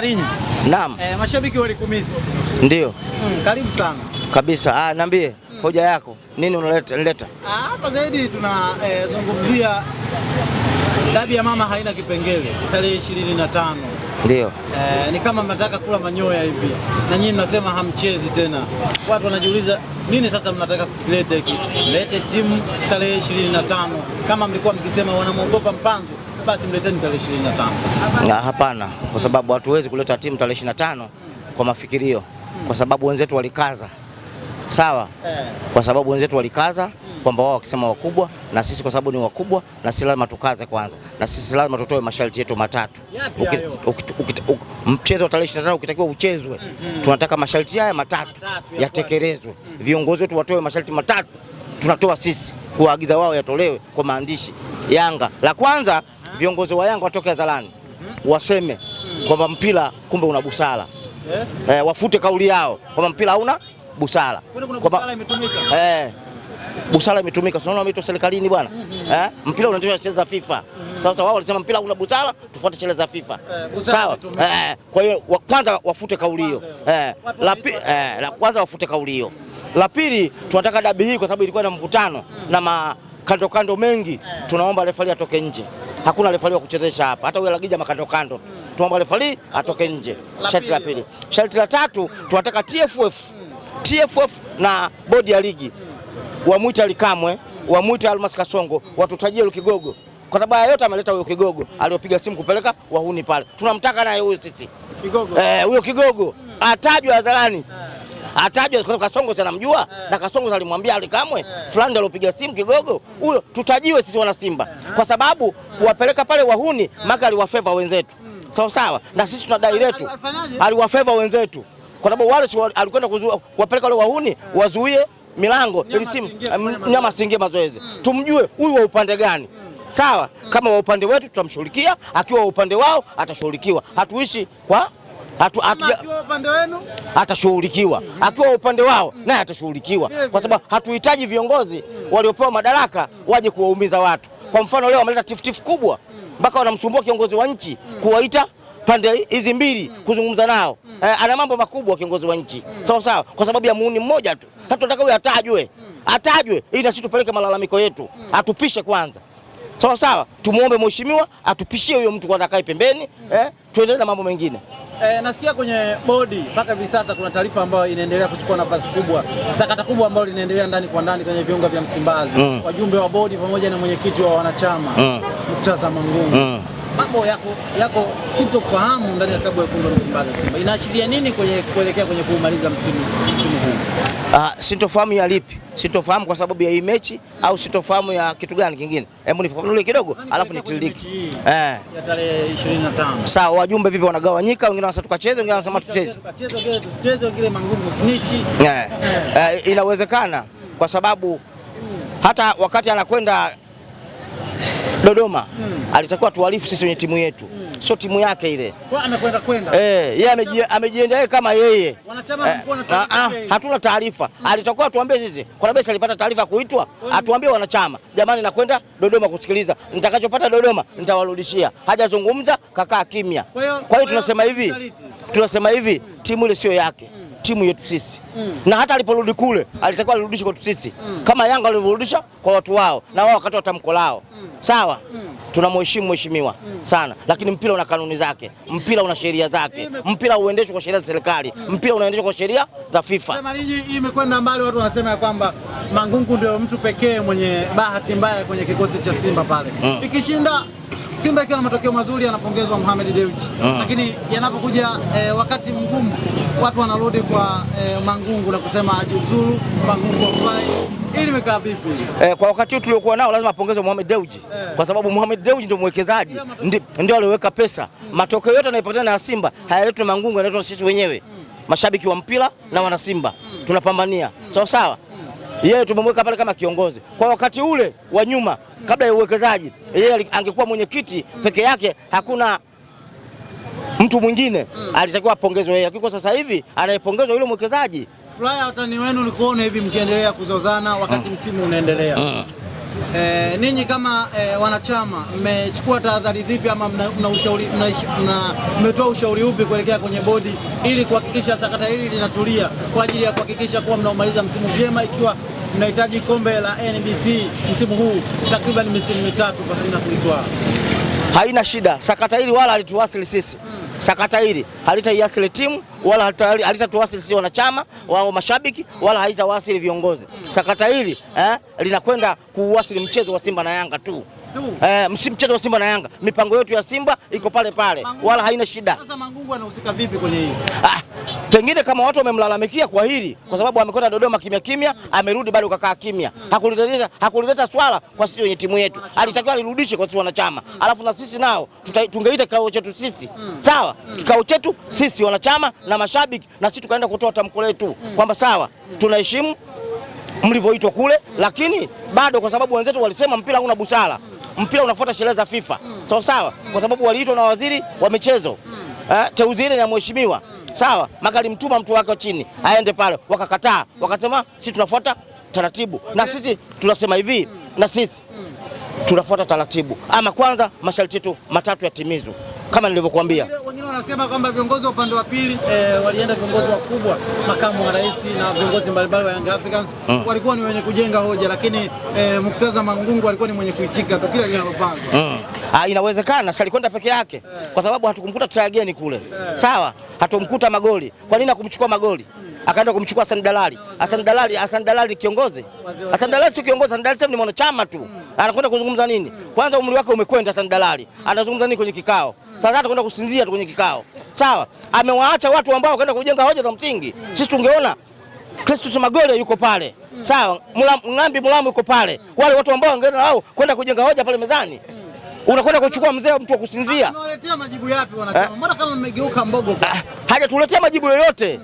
Marinyi. Naam. Eh, mashabiki walikumisi. Ndio. Mm, karibu sana. Kabisa. Ah, niambie mm. hoja yako nini unaleta nileta? Ah, hapa zaidi tunazungumzia eh, dabi ya mama haina kipengele tarehe 25. Ndio. Eh, ni kama mnataka kula manyoya hivi na nyinyi mnasema hamchezi tena. Watu wanajiuliza nini sasa mnataka kuleta hiki? Lete timu tarehe 25 kama mlikuwa mkisema wanamwogopa Mpanzu basi mleteni tarehe 25. Na ah, hapana, kwa sababu hatuwezi kuleta timu tarehe 25 kwa mafikirio, kwa sababu wenzetu walikaza sawa, eh. kwa sababu wenzetu walikaza kwamba wao wakisema wakubwa na sisi, kwa sababu ni wakubwa na sisi lazima tukaze kwanza, na sisi lazima tutoe masharti yetu matatu. Mchezo wa tarehe 25 ukitakiwa uchezwe, mm, mm. tunataka masharti haya matatu yatekelezwe. Mm. Viongozi wetu watoe masharti matatu, tunatoa sisi kuwaagiza wao yatolewe kwa maandishi. Yanga la kwanza viongozi wa Yanga watoke hadharani waseme kwamba mpira kumbe una busara yes. Eh, wafute kauli yao kwamba mpira hauna busara kwamba eh, busara imetumika. Tunaona wameitwa serikalini bwana mm-hmm. eh, mpira unaendeshwa sheria za FIFA. Mm-hmm. Sasa wao walisema mpira una busara, tufuate sheria za FIFA eh, sawa eh, eh. Kwa hiyo kwanza wafute kauli hiyo eh, eh, la eh, kwanza wafute kauli hiyo. La pili, tunataka dabi hii kwa sababu ilikuwa na mvutano na makandokando mengi, eh. tunaomba refari atoke nje hakuna refari wa kuchezesha hapa, hata huyo Lagija makando kando Hmm. Tuomba refari atoke nje. Sharti la pili. Sharti la tatu tunataka TFF, TFF hmm. na bodi ya ligi hmm. wamwita Likamwe, wamwite Almas Kasongo, watutajie Lukigogo kwa sababu haya yote ameleta huyo kigogo hmm. aliyopiga simu kupeleka wahuni pale, tunamtaka naye huyo sisi kigogo eh, huyo kigogo hmm. atajwe hadharani hmm atajwa Kasongo, Kasongozi anamjua eh. na kasongo alimwambia Ali Kamwe eh. fulani aliyopiga simu kigogo huyo, tutajiwe sisi wana Simba eh. kwa sababu kuwapeleka pale wahuni maka aliwafeva wenzetu hmm. sawa sawa, na sisi tuna dai letu, aliwafeva wenzetu kwa sababu wale alikwenda kuwapeleka wale wahuni wazuie milango ili simu mnyama asiingie mazoezi, hmm. tumjue huyu wa upande gani. Hmm. Sawa, kama wa upande wetu tutamshughulikia, akiwa wa upande wao atashughulikiwa. Hatuishi kwa atashughulikiwa, mm. akiwa upande wao mm. naye atashughulikiwa, kwa sababu hatuhitaji viongozi mm. waliopewa madaraka waje kuwaumiza watu. Kwa mfano leo wameleta tifutifu kubwa mpaka wanamsumbua kiongozi wa nchi kuwaita pande hizi mbili kuzungumza nao. Eh, ana mambo makubwa kiongozi wa nchi sawa sawa, kwa sababu ya muuni mmoja tu. Hatunataka huyo atajwe, atajwe ili nasi tupeleke malalamiko yetu, atupishe kwanza sawa sawa, tumuombe mheshimiwa atupishie huyo mtu atakaye pembeni mm. eh, tuendelee na mambo mengine. E, nasikia kwenye bodi mpaka hivi sasa kuna taarifa ambayo inaendelea kuchukua nafasi kubwa, sakata kubwa ambayo linaendelea ndani kwa ndani kwenye viunga vya Msimbazi mm. wajumbe wa bodi pamoja na mwenyekiti wa wanachama mm. mkutaza mangumu mm mambo yako yako sitofahamu ndani ya klabu ya wekundu wa Msimbazi Simba inaashiria nini kwenye kuelekea kwenye kumaliza msimu msimu huu? Ah, sitofahamu ya lipi? Sitofahamu kwa sababu ya hii mechi au sitofahamu ya kitu gani kingine? Hebu nifafanulie kidogo, alafu nitiririke. Eh. Ya tarehe 25. Sawa, wajumbe vipi wanagawanyika? Wengine wanasema tukacheze, wengine wanasema tucheze. Tucheze Tukacheze, tucheze wengine mangungu snitchi. Eh. Inawezekana kwa sababu hata wakati anakwenda Dodoma mm. alitakiwa tuarifu sisi wenye timu yetu mm. sio timu yake ile amekwenda kwenda eh, yeye amejienda yeye kama yeye eh, ah, ah, hatuna taarifa mm. alitakiwa atuambie sisi. sababu alipata taarifa kuitwa atuambie wanachama, jamani, nakwenda Dodoma kusikiliza, nitakachopata Dodoma hmm. nitawarudishia. Hajazungumza, kakaa kimya. Kwa hiyo tunasema hivi, tunasema hivi mm. timu ile sio yake mm timu yetu sisi mm. na hata aliporudi kule alitakiwa alirudishe kwetu sisi mm. kama Yanga walivyorudisha kwa watu wao mm. na wao wakatoa tamko lao mm sawa mm. tunamheshimu mheshimiwa mm. sana, lakini mpira una kanuni zake, mpira una sheria zake, mpira uendeshwe kwa sheria za serikali mm. mpira unaendeshwa kwa sheria za FIFA. hii imekwenda mbali, watu wanasema ya kwamba Mangungu ndio mtu pekee mwenye bahati mbaya kwenye kikosi cha Simba pale mm. ikishinda Simba ikiwa na matokeo mazuri anapongezwa Mohamed Dewji mm. lakini yanapokuja eh, wakati mgumu watu wanarudi kwa eh, Mangungu na kusema ajuzuru Mangungu afai ili limekaa vipi? Eh, kwa wakati huu tuliokuwa nao lazima apongezwe Mohamed Dewji eh, kwa sababu Mohamed Dewji ndio mwekezaji ndio aliweka pesa mm. Matokeo yote yanayopatikana na Simba mm. hayaletwi Mangungu, yanaletwa sisi wenyewe mm. mashabiki wa mpira mm. na wana Simba mm. tunapambania mm. sawa sawa mm. yeye tumemweka pale kama kiongozi kwa wakati ule wa nyuma mm. kabla ya uwekezaji. Yeye angekuwa mwenyekiti mm. peke yake, hakuna mtu mwingine alitakiwa apongezwe yeye, lakini kwa sasa hivi anayepongezwa yule mwekezaji. Furaha watani wenu ni kuona hivi mkiendelea kuzozana wakati ah. msimu unaendelea E, ninyi kama e, wanachama mmechukua tahadhari zipi ama mmetoa mna ushauri, mna, ushauri upi kuelekea kwenye bodi ili kuhakikisha sakata hili linatulia kwa ajili ya kuhakikisha kuwa mnaomaliza msimu vyema, ikiwa mnahitaji kombe la NBC msimu huu takriban misimu mitatu pasina kuitwaa? Haina shida, sakata hili wala halituwasili sisi hmm sakata hili halitaiasili timu wala halitatuasili sisi wanachama wao mashabiki wala haitawasili viongozi. Sakata hili eh, linakwenda kuuasili mchezo wa Simba na Yanga tu. Eh, mchezo wa Simba na Yanga, mipango yetu ya Simba iko pale pale, wala haina shida. Sasa Mangungu anahusika vipi kwenye Ah, Pengine kama watu wamemlalamikia kwa hili, kwa sababu amekwenda Dodoma kimya kimya, amerudi bado kakaa kimya, hakulileta hakulileta swala kwa sisi wenye timu yetu, alitakiwa alirudishe kwa sisi wanachama, alafu na sisi nao tungeita kikao chetu sisi, sawa, kikao chetu sisi wanachama na mashabiki, na sisi tukaenda kutoa tamko letu kwamba sawa, tunaheshimu mlivyoitwa kule, lakini bado kwa sababu wenzetu walisema mpira hauna busara, mpira unafuata sheria za FIFA, sawa sawa, kwa sababu waliitwa na waziri wa michezo Eh, teuzi ile ya mheshimiwa sawa, Makali mtuma mtu wake chini aende pale, wakakataa wakasema, sisi tunafuata taratibu na sisi tunasema hivi na sisi tunafuata taratibu, ama kwanza masharti yetu matatu yatimizwe kama nilivyokuambia. Wengine wanasema kwamba viongozi wa upande wa pili eh, walienda viongozi wakubwa, makamu wa rais na viongozi mbalimbali wa Young Africans mm. walikuwa ni wenye kujenga hoja, lakini eh, Murtaza Mangungu alikuwa ni mwenye kuitika tu kila linalopangwa mm. Ah, inawezekana si alikwenda peke yake eh. kwa sababu hatukumkuta trageni kule. Eh. Sawa? Hatumkuta magoli. Kwa nini akumchukua magoli? Hmm. Akaenda kumchukua Hassan Dalali. Hassan Dalali, Hassan Dalali kiongozi. Hassan Dalali sio kiongozi, Hassan Dalali ni mwanachama tu. Hmm. Anakwenda kuzungumza nini? Hmm. Kwanza umri wake umekwenda Hassan Dalali. Anazungumza nini kwenye kikao? Sasa hata kwenda kusinzia tu kwenye kikao. Sawa? Amewaacha watu ambao wakaenda kujenga hoja za msingi. Sisi tungeona Kristus Magoli yuko pale. Sawa? Mulam, Ngambi Mulamu yuko pale. Wale watu ambao wangeenda nao kwenda kujenga hoja pale mezani unakwenda kuchukua mzee mtu wa kusinzia. Unaletea majibu yapi wanachama? Eh? Mbona kama mmegeuka mbogo? Ah, hajatuletea majibu yoyote,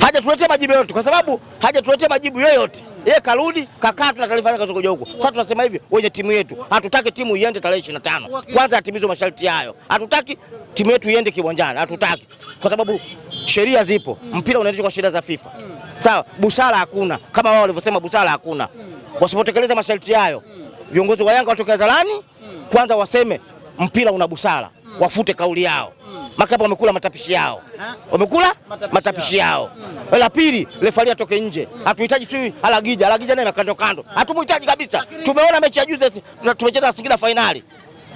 hajatuletea majibu yoyote, kwa sababu hajatuletea majibu yoyote. Yeye karudi kakaa, na taarifa zake zikoje huko. Sasa tunasema hivi, wenye timu yetu, hatutaki timu iende tarehe 25. Kwanza atimizwe masharti hayo, hatutaki timu yetu iende kiwanjani, hatutaki kwa sababu sheria zipo, mpira unaendeshwa kwa sheria za FIFA. Hmm. Sawa, busara hakuna, kama wao walivyosema, busara hakuna. Hmm. Wasipotekeleza masharti hayo hmm viongozi wa Yanga watoke hadharani mm. Kwanza waseme mpira una busara mm. Wafute kauli yao mm. Makapa wamekula matapishi yao Wamekula matapishi, matapishi yao mm. La pili refari atoke nje mm. Hatuhitaji tu Alagija, Alagija naye kando kando, hatumhitaji kabisa. Tumeona mechi ya juzi tumecheza Singida finali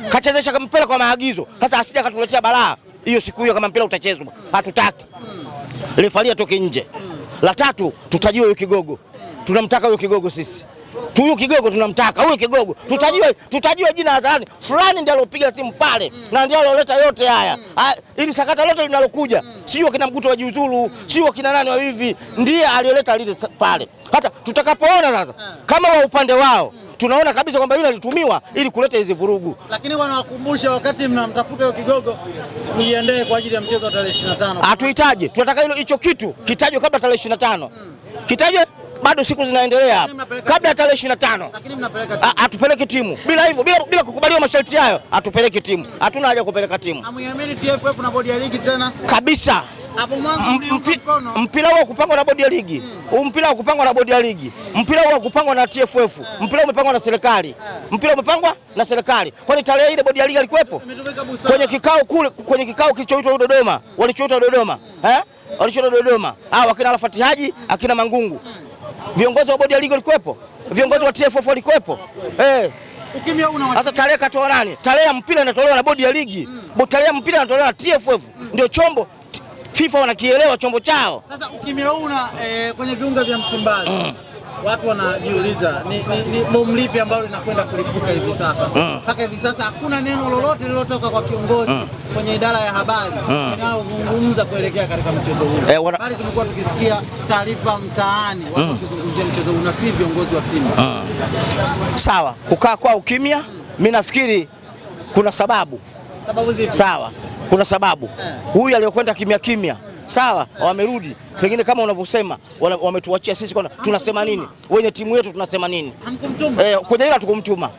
mm. Kachezesha mpira kwa maagizo, sasa asije akatuletea balaa hiyo siku hiyo, kama mpira utachezwa hmm. hatutaki mm. Refari atoke nje mm. La tatu tutajiwa huyo kigogo, tunamtaka huyo kigogo sisi Huyu kigogo tunamtaka, huyu kigogo tutajua, tutajua jina hadharani, fulani ndiye alopiga simu pale mm. na ndiye aloleta yote haya mm. Ah, ili sakata lote linalokuja mm. sio kina mguto wa jiuzuru mm. sio kina nani wa hivi mm. ndiye alioleta lile pale. Hata tutakapoona sasa mm. kama wa upande wao mm. tunaona kabisa kwamba yule alitumiwa ili kuleta hizi vurugu, lakini wanawakumbusha wakati mnamtafuta huyo kigogo, mjiandae kwa ajili ya mchezo wa tarehe 25. Hatuhitaji, tunataka hilo hicho kitu kitajwe kabla tarehe 25 mm. kitajwe bado siku zinaendelea kabla ya tarehe ishirini na tano hatupeleki timu bila hivyo, bila, bila kukubaliwa masharti hayo hatupeleki timu, hatuna haja kupeleka timu kabisa. Mpi, mpira huo kupangwa na bodi ya ligi hmm. Mpira kupangwa na bodi ya ligi hmm. Mpira huo kupangwa na TFF hmm. Mpira umepangwa na serikali hmm. Mpira umepangwa na serikali, kwani tarehe ile bodi ya ligi alikuwepo kwenye kikao kule, kwenye kikao kilichoitwa Dodoma, walichoitwa Dodoma, eh, walichoitwa Dodoma, ah, wakina Rafati Haji akina Mangungu hmm. Viongozi wa bodi ya ligi walikuwepo, viongozi wa TFF walikuwepo. Eh. Sasa tarehe katoa nani? Tarehe ya mpira inatolewa na bodi ya ligi mm. Tarehe ya mpira inatolewa na TFF mm. Ndio chombo FIFA wanakielewa chombo chao. Sasa ukimya una eh, kwenye viunga vya Msimbazi mm watu wanajiuliza ni, ni, ni bomu lipi ambalo linakwenda kulipuka hivi sasa ah. mpaka hivi sasa hakuna neno lolote lililotoka kwa kiongozi Aa. Ah. kwenye idara ya habari ah. inayozungumza kuelekea katika mchezo huu eh, wana... bali tumekuwa tukisikia taarifa mtaani watu wakizungumzia mchezo huu na si viongozi wa Simba. Sawa, kukaa kwa ukimya hmm. Mimi nafikiri kuna sababu. Sababu zipi? Sawa, kuna sababu eh. huyu aliyokwenda kimya kimya sawa, wamerudi pengine kama unavyosema wametuachia sisi, kwa, tunasema nini? Wenye timu yetu tunasema nini? Eh, kwenye hilo tukumtuma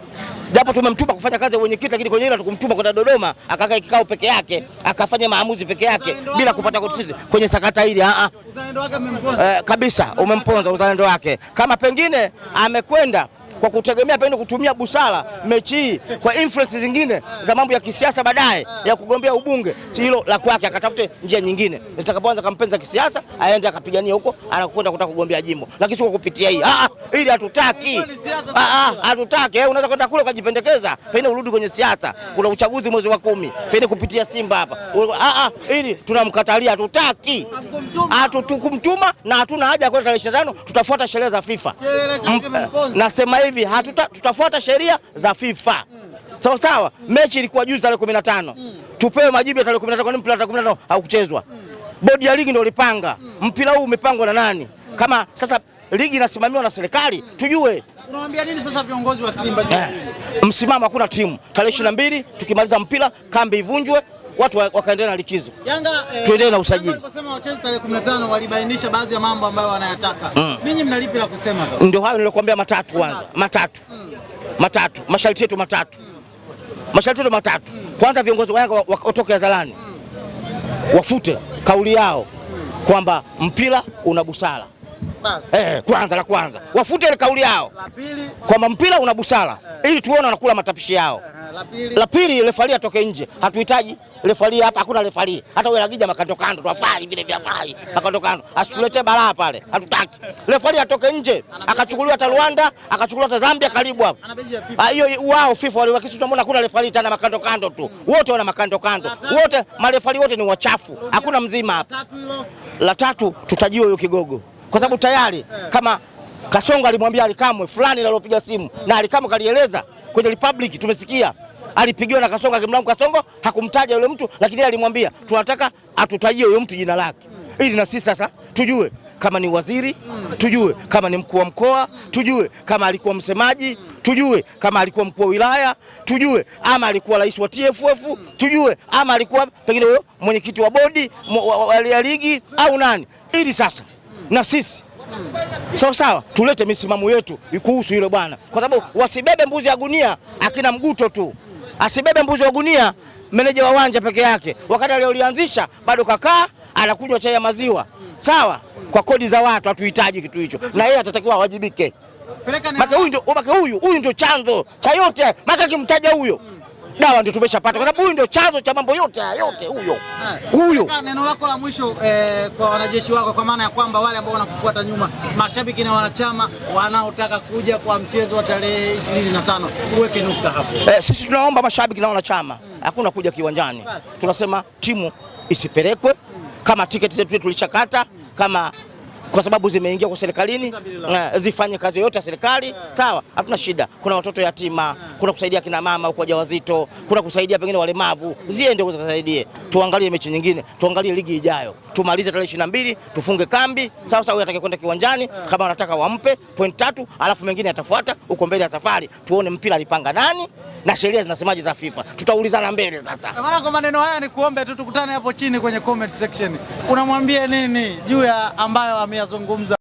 japo tumemtuma kufanya kazi ya wenyekiti, lakini kwenye hilo tukumtuma kwenda Dodoma akaka kikao peke yake akafanya maamuzi peke yake bila kupata sisi kwenye sakata hili. Ah, ah. Uzalendo wake umemponza eh, kabisa, umemponza uzalendo wake. Kama pengine amekwenda kwa kutegemea pengine kutumia busara mechi hii kwa influence zingine za mambo ya kisiasa baadaye ya kugombea ubunge, hilo la kwake, akatafute njia nyingine zitakapoanza kampeni za kisiasa, aende akapigania huko anakwenda kutaka kugombea jimbo, lakini sio kupitia hii. Ah, ah ili hatutaki, ah, ah, hatutaki. Eh, unaweza kwenda kule ukajipendekeza, pengine urudi kwenye siasa, kuna uchaguzi mwezi wa kumi, pengine kupitia Simba hapa. Ah, ili tunamkatalia, hatutaki, hatukumtuma na hatuna haja ya kwenda tarehe 25, tutafuata sherehe za FIFA. Mm, nasema hivi hatuta, tutafuata sheria za FIFA mm. sawa sawa. mm. Mechi ilikuwa juzi tarehe 15, mm. tupewe majibu ya tarehe 15. Kwa nini mpira tarehe 15 haukuchezwa? mm. Bodi ya ligi ndio ilipanga mm. mpira huu, umepangwa na nani? mm. Kama sasa ligi inasimamiwa na serikali, mm. tujue unawaambia nini sasa viongozi wa Simba. Eh, msimamo hakuna timu tarehe 22, tukimaliza mpira kambi ivunjwe watu wakaendelea na likizo. Yanga eh, tuendelee na usajili. Waliposema wacheze tarehe 15 walibainisha baadhi ya mambo ambayo wanayataka. Mm. Ninyi mna lipi la kusema Ndio hayo nilokuambia matatu kwanza. Matatu. Matatu. Masharti mm. yetu matatu. Masharti yetu matatu. Mm. Kwanza viongozi wa Yanga watoke hadharani. Wafute kauli yao kwamba mpira una busara. Eh, eh, kwanza la kwanza eh, wafute ile kauli yao kwamba mpira una busara eh, ili tuone wanakula matapishi yao eh. eh la pili refari atoke nje, hatuhitaji refari hapa, hakuna refari hata wewe lagija makando kando twafai vile vile fai eh. makando kando, asitulete balaa pale, hatutaki refari atoke nje, akachukuliwa hata Rwanda, akachukuliwa hata Zambia, karibu hapo ah, hiyo wao FIFA wale wakisi, tunaona kuna refari tena makando kando tu, hmm. wote wana makando kando wote, marefari wote ni wachafu, hakuna mzima hapa. La tatu tutajiwa huyo kigogo kwa sababu tayari eh. kama kasongo alimwambia Alikamwe fulani alilopiga simu mm. na Alikamwe kalieleza kwenye Republic, tumesikia alipigiwa na Kasongo akimlamu. Kasongo hakumtaja yule mtu, lakini alimwambia tunataka atutajie huyo mtu jina lake, mm. ili na sisi sasa tujue kama ni waziri, mm. tujue kama ni mkuu wa mkoa, tujue kama alikuwa msemaji, tujue kama alikuwa mkuu wa wilaya, tujue ama alikuwa rais wa TFF, tujue ama alikuwa pengine huyo mwenyekiti wa bodi ya ligi au nani, ili sasa na sisi sawa sawa, tulete misimamo yetu ikuhusu yule bwana, kwa sababu wasibebe mbuzi ya gunia akina Mguto tu, asibebe mbuzi wa gunia meneja wa uwanja peke yake, wakati aliolianzisha bado kakaa anakunywa chai ya maziwa sawa, kwa kodi za watu. Hatuhitaji kitu hicho, na yeye atatakiwa awajibike. Maka huyu ndio chanzo cha yote, maka kimtaja huyo dawa ndio tumeshapata, kwa sababu huyu ndio chanzo cha mambo yote haya yote, eh, huyo eh, huyo. Neno lako la mwisho eh, kwa wanajeshi wako, kwa maana ya kwamba wale ambao wanakufuata nyuma, mashabiki na wanachama wanaotaka kuja kwa mchezo wa tarehe 25, uweke nukta hapo. Eh, sisi tunaomba mashabiki na wanachama hmm. hakuna hmm, kuja kiwanjani. Tunasema timu isipelekwe, hmm, kama tiketi zetu tulishakata, hmm, kama kwa sababu zimeingia kwa serikalini eh, zifanye kazi yoyote ya serikali yeah. Sawa, hatuna shida. Kuna watoto yatima yeah. Kuna kusaidia kina mama kwa wajawazito Kuna kusaidia pengine walemavu mm. Ziende zikasaidie Tuangalie mechi nyingine, tuangalie ligi ijayo, tumalize tarehe ishirini na mbili tufunge kambi sawa sawa. huyu kwenda kiwanjani yeah. Kama wanataka wampe point tatu, alafu mengine atafuata huko mbele ya safari, tuone mpira alipanga nani na sheria zinasemaje za FIFA, tutaulizana mbele sasa. Maana kwa maneno haya ni kuombe tu tukutane hapo chini kwenye comment section, unamwambia nini juu ya ambayo ameyazungumza?